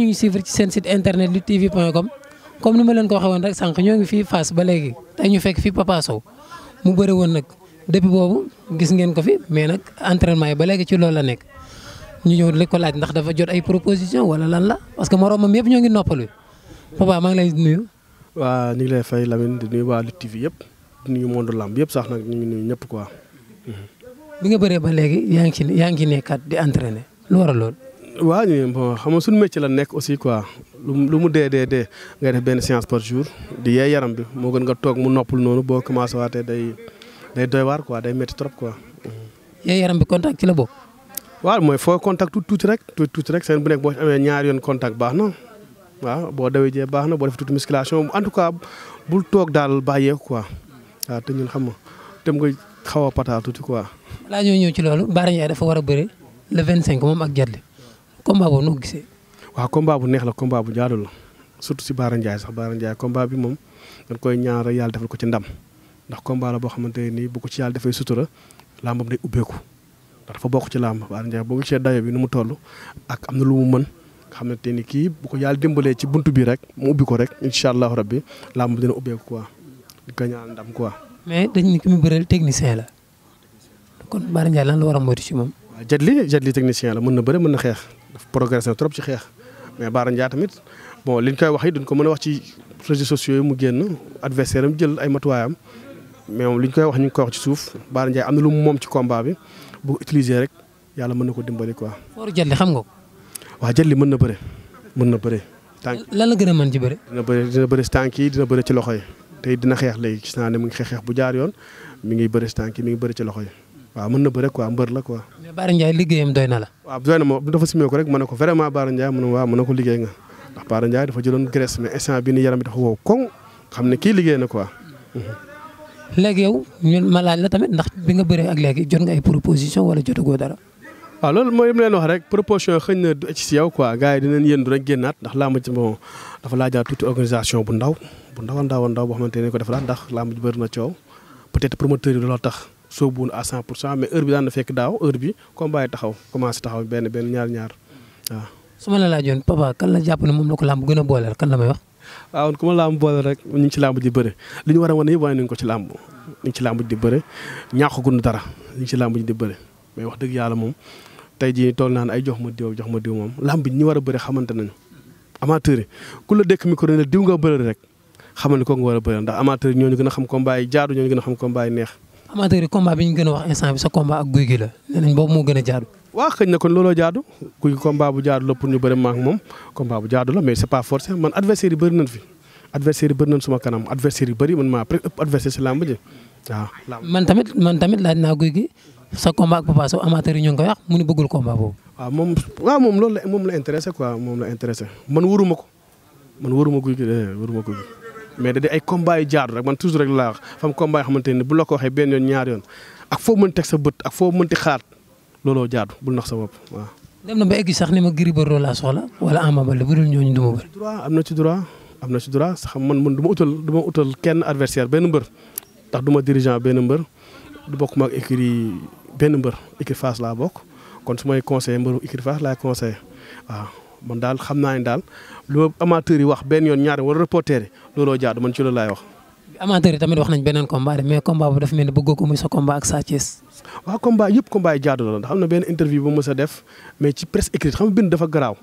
ñu ngi suivre ci seen site internet lu tv point com comme ni ma leen ko waxee woon rek sànq ñoo ngi fii Fass ba léegi tey ñu fekk fii Papa Sow mu bëri woon nag depuis boobu gis ngeen ko fi mais nag entraînement yi ba léegi ci lool la nekk ñu ñëw li ko laaj ndax dafa jot ay proposition wala lan la parce que moroomam yëpp ñoo ngi noppalu Papa maa ngi lay nuyu. waa ñu lay fay Lamine di nuyu waa Lutte TV yëpp di nuyu monde lamb yëpp sax nag ñu ngi nuyu ñëpp quoi. bi nga bëree ba léegi yaa ngi ci yaa ngi ci nekkaat di entraîner lu waral lool. waaw ñu bon xam nga suñu métier la nekk aussi quoi lu mu dee dee dee ngay def benn séance par jour di yee yaram bi moo gën nga toog mu noppul noonu boo commencé waatee day day doy waar quoi day métti trop quoi. yee yaram bi contact ci la bokk. waaw mooy foo contact tuuti tuuti rek tuuti tuuti rek seen bu nekk boo amee ñaari yoon contact baax na waaw boo dawee jee baax na boo def tuuti musculation en tout cas bul toog daal bàyyeeku quoi waaw te ñun xam ma dem nga xaw a pataar tuuti quoi. laa ñoo ñëw ci loolu Bara Ndiaye dafa war a bëri le 25 moom ak Diatlé. combat boobu noo ko gisee. waa combat bu neex la combat bu jaadu la surtout si Baara Ndiaye sax Baara Ndiaye combat bi moom dañ koy ñaar yàlla defal ko ci ndam ndax combat la boo xamante ne nii bu ko ci yàlla defee sutura làmbam day ubbeeku ndax dafa bokk ci làmb Baara Ndiaye boo gisee dayo bi nu mu toll ak am na lu mu mën nga xamante ni kii bu ko yàlla dimbalee ci bunt bi rek mu ubbi ko rek incha allahu rabbi làmb dina ubbeeku quoi di ko ndam quoi. mais dañ ni technicien la kon Baara Ndiaye lan la war a moytu ci moom. waaw Jet Li la mën na bëre mën na xeex. dafa progressé trop ci xeex mais Baara Ndiaye tamit bon ñu koy wax yi duñ ko mën a wax ci réseaux sociaux yi mu génn adversaire am jël ay matuwaayam mais lu liñ koy wax ñu ngi koy wax ci suuf Baara Ndiaye am na lu mu moom ci combat bi bu ko rek yàlla mën na ko dimbali quoi. Fooru Jalli xam nga ko. jël li mën na bëre mën na bëre. tànk lan la gën a mën ci bëre. dina bëre dina bëre si tànk yi dina bëre ci loxo yi te dina xeex léegi gis naa ne mu ngi xeex xeex bu jaar yoon mi ngi bëre tànk mi ngi bëre ci loxo yi waaw mën na bëre quoi mbër la quoi. mais Baara Ndiaye liggéeyam doy na la. waaw doy na ma dafa simee ko rek ma ne ko vraiment Baara Ndiaye mu ne waaw mu ne ko liggéey nga ndax Baara Ndiaye dafa jëloon graisse mais instant bi ni yaram bi dafa wow koŋ xam ne kii liggéey na quoi. léegi yow ma laaj la tamit ndax bi nga bëree ak léegi jot nga ay proposition wala jotagoo dara. waaw loolu mooy li leen wax rek proposition xëy na du ci yow quoi gars yi dinañ yëndu rek génnaat ndax laa ma ci bon dafa laajaat tuuti organisation bu ndaw bu ndaw a ndaw a ndaw boo xamante ne ko dafa ndax laa ma bëri na coow tax sóobuwoon à 100 pour cent mais heure bi daan fekk daaw heure bi combat yi taxaw commencé taxaw benn benn ñaar ñaar waaw. su ma la laajoon papa kan la jàpp ne moom la ko làmb gën a booleel kan la may wax. waaw ku ma làmb boole a ko ci làmb ñu ngi ci làmb ji di bëre ñàkkagum dara ñu ngi ci làmb ji di bëre mais wax dëgg yàlla moom tey jii toll naan ay jox ma diw jox ma diw moom làmb ji war a bëre xamante ne diw nga bëre rek xamal ni ko nga war a bëre ndax amateur yi ñooñu gën a xam combat yi jaadu ñooñu gën a xam combat yi neex amateur yi combat bi ñu gën a wax instant bi sa combat ak guy gi la nañ boobu moo gën a jaadu. waaw xëy na kon looloo jaadu guy combat bu jaadu la pour ñu bëri moom combat bu jaadu la mais c'est pas forcé man adversaire yi bëri nañ fi. suma kanam adversaire yi bëri man maa après ëpp si làmb ji man tamit man tamit laaj naa guy gi sa combat ak Papa Sow amateur yi ñu ngi koy wax mu ni bëggul boobu. waaw moom waaw moom loolu la moom la intéressé quoi moom la intéressé man wóoruma ko man wóoruma guy gi eh, wóoruma guy mais da di ay combat yu jaadu rek man toujours rek laa wax xamante ne bu la ko waxee benn yoon ñaar foo mën teg sa bët ak foo mënti xaar looloo jaadu bul nax sa bopp waaw. dem na ba sax ni ma Gris Bordeaux laa soxla wala Ama Baldé bu dul ñooñu du ma bëri. droit am na ci droit am na ci droit man man du ma utal du kenn adversaire benn mbër ndax du ma dirigeant benn mbër du bokk maag écurie benn mbër écurie Fass laa bokk kon su may conseillé mbëru écurie Fass laay conseillé waaw man daal xam naa ne daal lu amateur yi wax benn yoon ñaari wala reporter yi looloo jaadu man ci loolu laay wax. amateur yi tamit wax nañ beneen combat mais combat bu dafa mel ni bëggoo ko muy sa combat ak Sa Thiès. waaw combat yëpp combat la ndax am na benn interview bu ma mës a def mais ci presse écrite xam nga bind dafa garaaw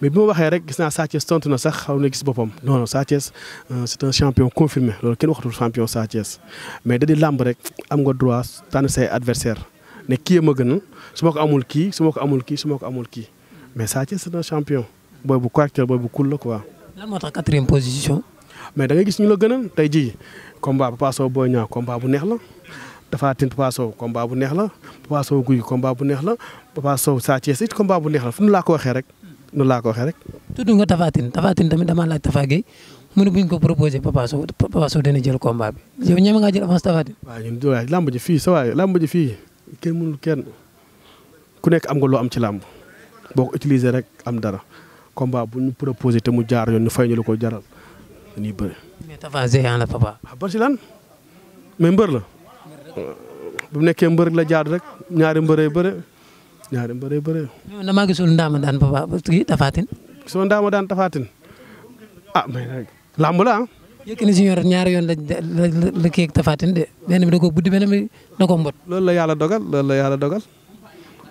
mais bi ma waxee rek gis naa Sa Thiès na sax xaw na gis boppam non non Sa Thiès euh, c'est un champion confirmé loolu kenn waxatul champion Sa Thiès mais da di làmb rek am nga droit tànn say adversaire ne kii ma gën su ma ko amul kii su ma ko amul kii su ko amul kii mais Sa Thiès c'est booy bu caractère booy bu cool la quoi. lan moo tax quatrième position. mais da ngay gis ñu la gënal tey jii combat Papa Sow Boy Niang combat bu neex la Tapha Tine Papa Sow bu neex la Papa Sow bu neex la Papa Sow Sa Thiès it combat bu neex la fu nu laa ko waxee rek nu laa ko waxee rek. tudd nga Tapha Tine Tapha Tine tamit damaa laaj Tapha Gueye mu ne bu ñu ko proposé Papa Sow Papa jël combat bi yow ñeme ngaa jël avance Tapha Tine. waaw ñun waaye làmb ji ku nekk am nga loo am ci làmb boo ko utiliser rek am dara. combat bu ñu proposé te mu jaar yoon ñu fay la ko jaral dañuy bëri. mais Tapha géant la papa. ah parce que lan la. bu nekkee mbër la jaar rek ñaari mbëree bëre ñaari mbëree bëre. damaa gisul ndaama daan papa parce que Tapha Tine. gisoo daan Tapha ah mais la ah. Yékini Junior ñaari yoon la la la kii ak de benn bi da koo buddi benn bi mbot. loolu la yàlla dogal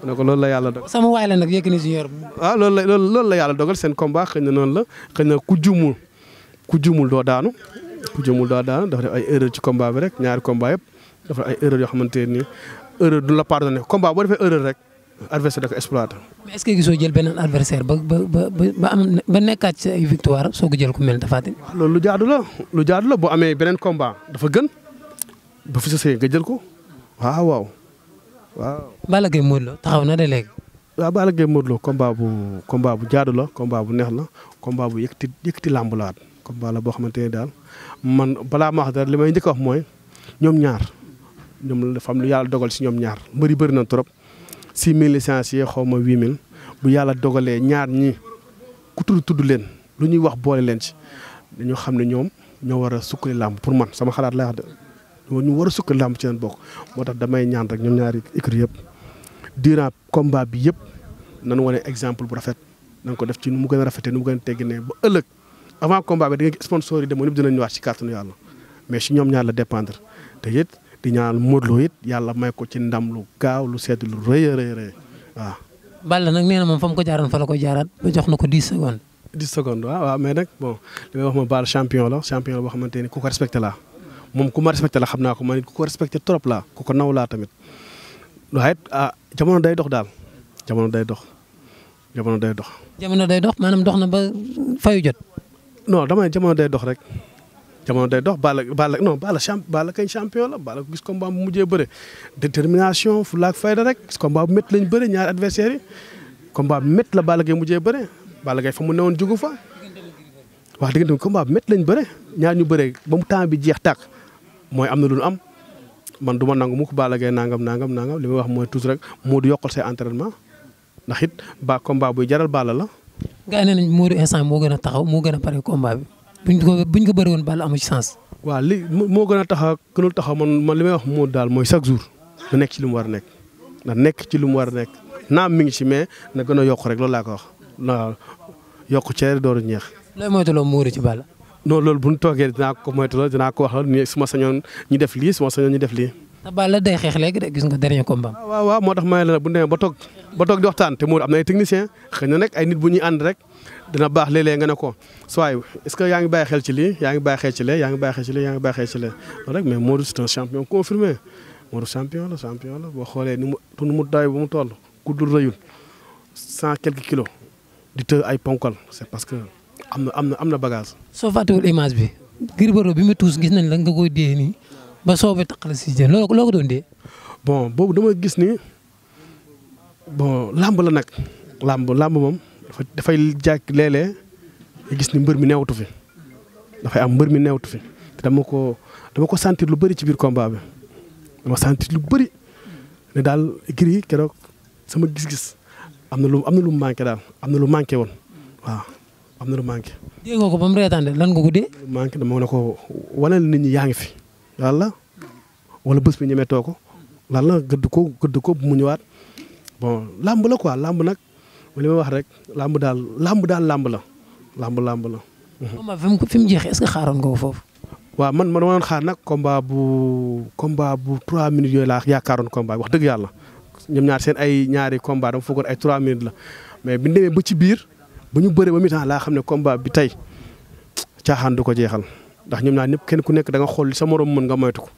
ne ko loolu la yàlla dogal. sama waay la nag Yékini Junior. waaw ah, loolu la loolu la yàlla dogal seen combat xëy na noonu la xëy na ku jumul ku doo daanu ku dafa def ay erreur ci combat bi rek ñaari combat yëpp dafa ay erreur yoo xamante ne nii erreur du la pardonné combat boo defee erreur rek adversaire da ko exploité. mais est gisoo jël beneen adversaire ba ba ba am ba nekkaat victoire soo ko jël ku mel Tapha Tine. lu jaadu la lu jaadu la boo amee beneen combat dafa gën ba fi sa nga jël ko waaw waaw. waaw Balla Gaye Modou Lo taxaw na de léegi. waaw Balla Gaye bu combat bu jaadu la combat bu neex la combat bu yëkkati yëkkati làmbulaat combat la boo xamante ne daal man balaa ma wax dara li may njëkk wax mooy ñoom ñaar ñoom dafa am lu yàlla dogal si ñoom ñaar mbëri bëri na trop. mille 000 licenciés xaw ma 8 mille bu yàlla dogalee ñaar ñi ku tudd tudd leen lu ñuy wax boole leen ci dañoo xam ne ñoom ñoo war a sukkali làmb pour man sama xalaat lay de. ñu war a sukk làmb ci leen bokk moo tax damay ñaan rek ñoom ñaari écrit yëpp durant combat bi yëpp nañu wane exemple bu rafet nañ ko def ci nu mu gën a rafetee nu mu gën a tegginee ba ëllëg avant combat bi da nga sponsor yi demoon yëpp dinañ ñëwaat ci mais si ñoom ñaar la dépendre te di ñaan Modou yàlla may ko ci ndam lu gaaw lu sedd lu rëy a rëy rëy nag nee moom fa mu ko jaaroon fa la ko jaaraat ba jox na ko 10 secondes. 10 secondes waaw waaw mais nag bon li wax ma Balla champion la champion la boo xamante ni ku ko respecté laa. moom ku ma respecté la xam naa ko man ko respecté trop laa ku ko naw laa tamit waaye ah jamono day dox daal jamono day dox jamono day dox. jamono day dox maanaam dox na ba fayu jot. non dama day dox rek day dox Balla Balla non Balla champ Balla kañ champion la Balla ko gis combat bu mujjee bëre détermination fulla ak fayda rek gis combat bu métti lañ bëre ñaari adversaires yi combat la Balla Gaye mujjee bëre fa mu newoon jugu fa. wax dëgg combat bu métti lañ bëre ñaar ñu bëre ba mu temps bi jeex tàkk. mooy am na lu nu am man du ma nangu mukk baala Gaye nangam nangam nangam li may wax mooy toujours rek Modou yokkal say entraînement ndax it ba combat buy jaral baala la. gars yi ne nañ Modou instant moo gën a taxaw moo gën a pare combat bi buñ ko ko bëri woon Balla amu ci sens. waaw li moo gën a taxaw gënul taxaw man man li may wax Modou daal mooy chaque jour na nekk ci li mu war a nekk na nekk ci li mu war a nekk naam mi ngi ci mais na gën a yokk rek loolu laa ko wax na yokk cere door a ñeex. looy moytuloo Modou ci Balla. non loolu bu ñu toogee dina ko moytu loolu dinaa ko wax loolu nii su ma sañoon ñu def lii su ma sañoon ñu def lii. te ah, Balla day xeex léegi de gis nga dernier combat. Ah, waaw waaw moo tax ma ne la bu ñu demee ba toog ba toog di waxtaan te Modou am na ay technicien xëy na nag ay nit bu ñuy ànd rek dana baax léeg-léeg nga ne ko soit est-ce que yaa ngi bàyyi xel ci lii yaa ngi bàyyi xel ci lee yaa ngi bàyyi xel ci lee yaa ngi bàyyi xel ci lee loolu rek mais Modou c'est boo xoolee ni mu nu mu daay ba mu toll guddul rëyul cent quelques kilos di të ay ponkal c'est parce que am na am na am na bagage. soo fàttewul image bi. Gris Bordeaux bi ma tuus gis nañ la nga koy dee nii ba soo ba taxal si loo loo ko doon dee. bon boobu dama gis ni bon làmb la nag làmb làmb moom dafay jàkk léeg-léeg gis ni mbër mi newtu fi dafay am mbër mi newtu fi dama ko dama ko sentir lu bari ci biir combat bi dama sentir lu bari ne daal Gris keroog sama gis-gis am na lu am na lu manqué daal am na lu manqué woon waaw. am na lu manqué. ko ba mu reetaan ko dee. lu manqué dama nit ñi yaa ngi fi. lan wala bés bi ñemetoo ko lan la gëdd ko gëdd ko mu ñëwaat bon lamb la quoi lamb nag li may wax rek lamb daal lamb daal làmb la lamb la. Mhm. combat fi mu fi mu jeexee est-ce que xaaroon ko foofu. waaw man man ma doon xaar nag komba bu komba bu 3 minutes yooyu laa yaakaaroon combat wax dëgg yàlla ñoom ñaar seen ay ñaari combat dama foogoon ay 3 minutes la mais bi ñu demee biir. ba ñu bëree ba mi-temps laa xam ne combat bi tey caaxaan du ko jeexal ndax ñoom ñaar ñëpp kenn ku nekk danga xool li sa morom mën nga moytu ko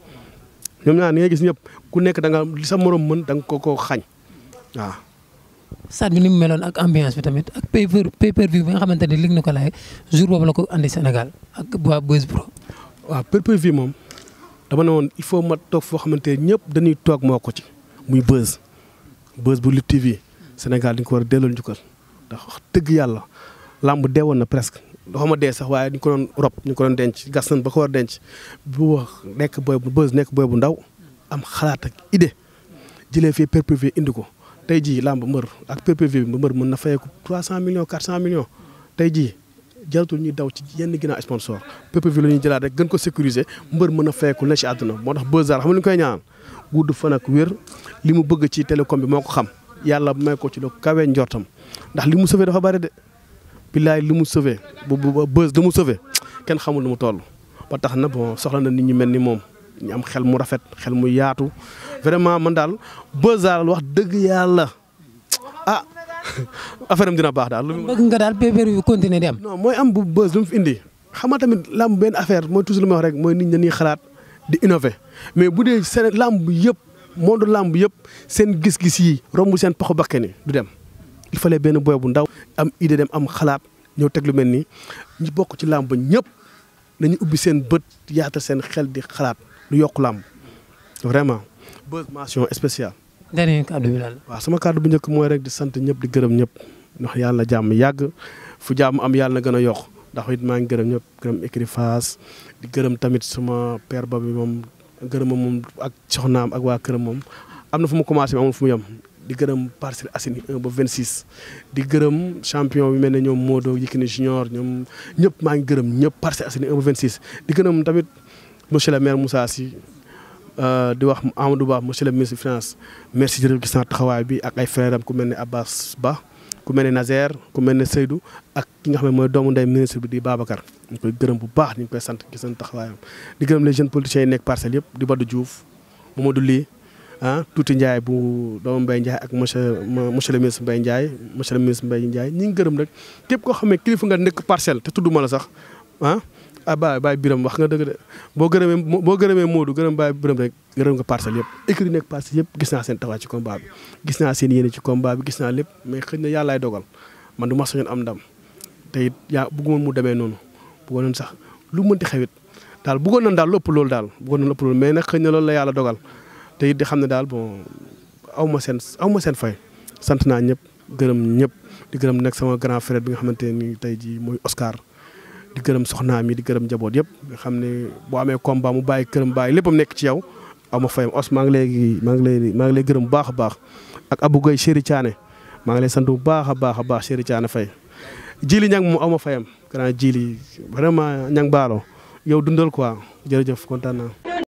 ñoom ñaar ni nga gis ñëpp ku nekk danga nga li sa morom mën danga nga ko ko xañ waaw. stade bi ni ak ambiance tamit ak pay per pay bi nga xamante ne lig na ko laay jour boobu la ko andi Sénégal ak waa Buzz Pro. moom dama ne woon il faut ma toog foo xamante ne ñëpp dañuy toog moo ko ci muy Buzz Buzz bu Lutte TV Sénégal dañ ko war a delloo njukkal ndax wax dëgg yàlla làmb deewoon na presque xaw ma dee sax waaye ñu ko doon rob ñu ko doon denc gas nañ ba ko war denc bu wax nekk booy bu bës nekk booy bu ndaw am xalaat ak idée fi fii perpétué indi ko tey jii làmb mbër ak perpétué bi mbër mën na fayeeku 300 millions 400 millions tey jii jaratul ñuy daw ci yenn ginnaaw sponsor perpétué la ñuy jëlaat rek gën ko sécuriser mbër mën a fayeeku la ci àdduna moo tax bës daal xam nga li ñu koy ñaan gudd fan li mu bëgg ci télécom bi moo ko xam. yàlla may ko ci lu kawe njortam ndax li mu sauvé dafa bari de billaay li mu sauvé bu bu bës li mu sauvé kenn xamul lu mu toll. ba tax na bon soxla na nit ñi mel ni moom ñu am xel mu rafet xel mu yaatu vraiment mun daal bës daal wax dëgg yàlla ah affaire am dina baax daal. nga daal pépère yu continuer dem. mooy am bu bës lu mu fi indi xam nga tamit lamb benn affaire mooy toujours li ma wax rek mooy nit ñi dañuy xalaat di innover mais bu dee Sénégal lamb yëpp. monde làmb yëpp seen gis-gis yi romb seen paxu bakkani du dem il fallait benn boy bu ndaw am idée dem am xalaat ñëw teg lu mel ni ñu bokk ci làmb ñëpp nañu ubbi seen bët yaatal seen xel di xalaat lu yokk làmb vraiment buzz mention spéciale. dernier kàddu bi daal. waaw sama kàddu bu njëkk mooy rek di sant ñëpp di gërëm ñëpp ndax yàlla jàmm yàgg fu jàmm am yàlla na gën a yokk ndox it maa ngi gërëm ñëpp gërëm écurie di gërëm tamit suma père bi moom. gërëm moom ak soxnaam ak waa këram moom am na fu mu commencé amul fu mu yem di gërëm Parcelles Assainies 1 ba 26. di gërëm champion bi mel ne ñoom Modou Yékini Junior ñoom ñëpp maa ngi gërëm ñëpp Parcelles Assainies 1 ba 26. di gërëm tamit monsieur le maire Moussa Sy euh, di wax Amadou Ba monsieur le ministre des finances merci jërëjëf gis taxawaay bi ak ay frères ku mel ne Abbas Ba. ku mel ne Nazaire ku mel ne Seydou ak ki nga xam ne mooy doomu ndey ministre bi di Babacar ñu koy gërëm bu baax ñu koy sant ci seen taxawaayam di gërëm les jeunes politiciens yi nekk parcelles yëpp di Badou Diouf Mamadou Ly ah tuuti Ndiaye bu doomu mbay Ndiaye ak monsieur monsieur le ministre mbay Ndiaye monsieur le ministre Mbaye Ndiaye ñi ngi gërëm rek képp koo xam ne kilifa nga nekk parcelle te tudduma la sax ah ah baay baay biram wax nga dëgg de boo gërëmee boo gërëmee gërëm baa biram rek gërëm nga parcelle yëpp écrit nekk parcelle yëpp gis naa seen taxawaay ci combat bi gis naa seen yéene ci combat bi gis naa lépp mais xëy na yàllaay dogal man am ndam te yaa bëggoon mu demee noonu bëggoon sax lu mënti xewit daal bëggoon nañ daal lépp loolu daal bëggoon nañ lépp loolu mais nag xëy na loolu la yàlla dogal te it di xam ne daal bon aw ma seen aw ma seen fay sant naa ñëpp gërëm ñëpp di gërëm nag sama grand frère bi nga xamante ni tey ji mooy Oscar di gërëm soxnaam yi di gërëm njaboot yëpp xam ne boo amee combat mu bay bàyyi këram bàyyi léppam nekk ci yow aw ma fayam os maa ngi lay maa ngi lay maa ngi lay gërëm bu baax a baax ak Abou Gueye Chéri maa ngi lay sant bu baax a baax a baax Chéri Thiané Faye jili ñang moom aw ma fayam grand jili vraiment ñang baalo yaw dundal quoi jërëjëf kontaan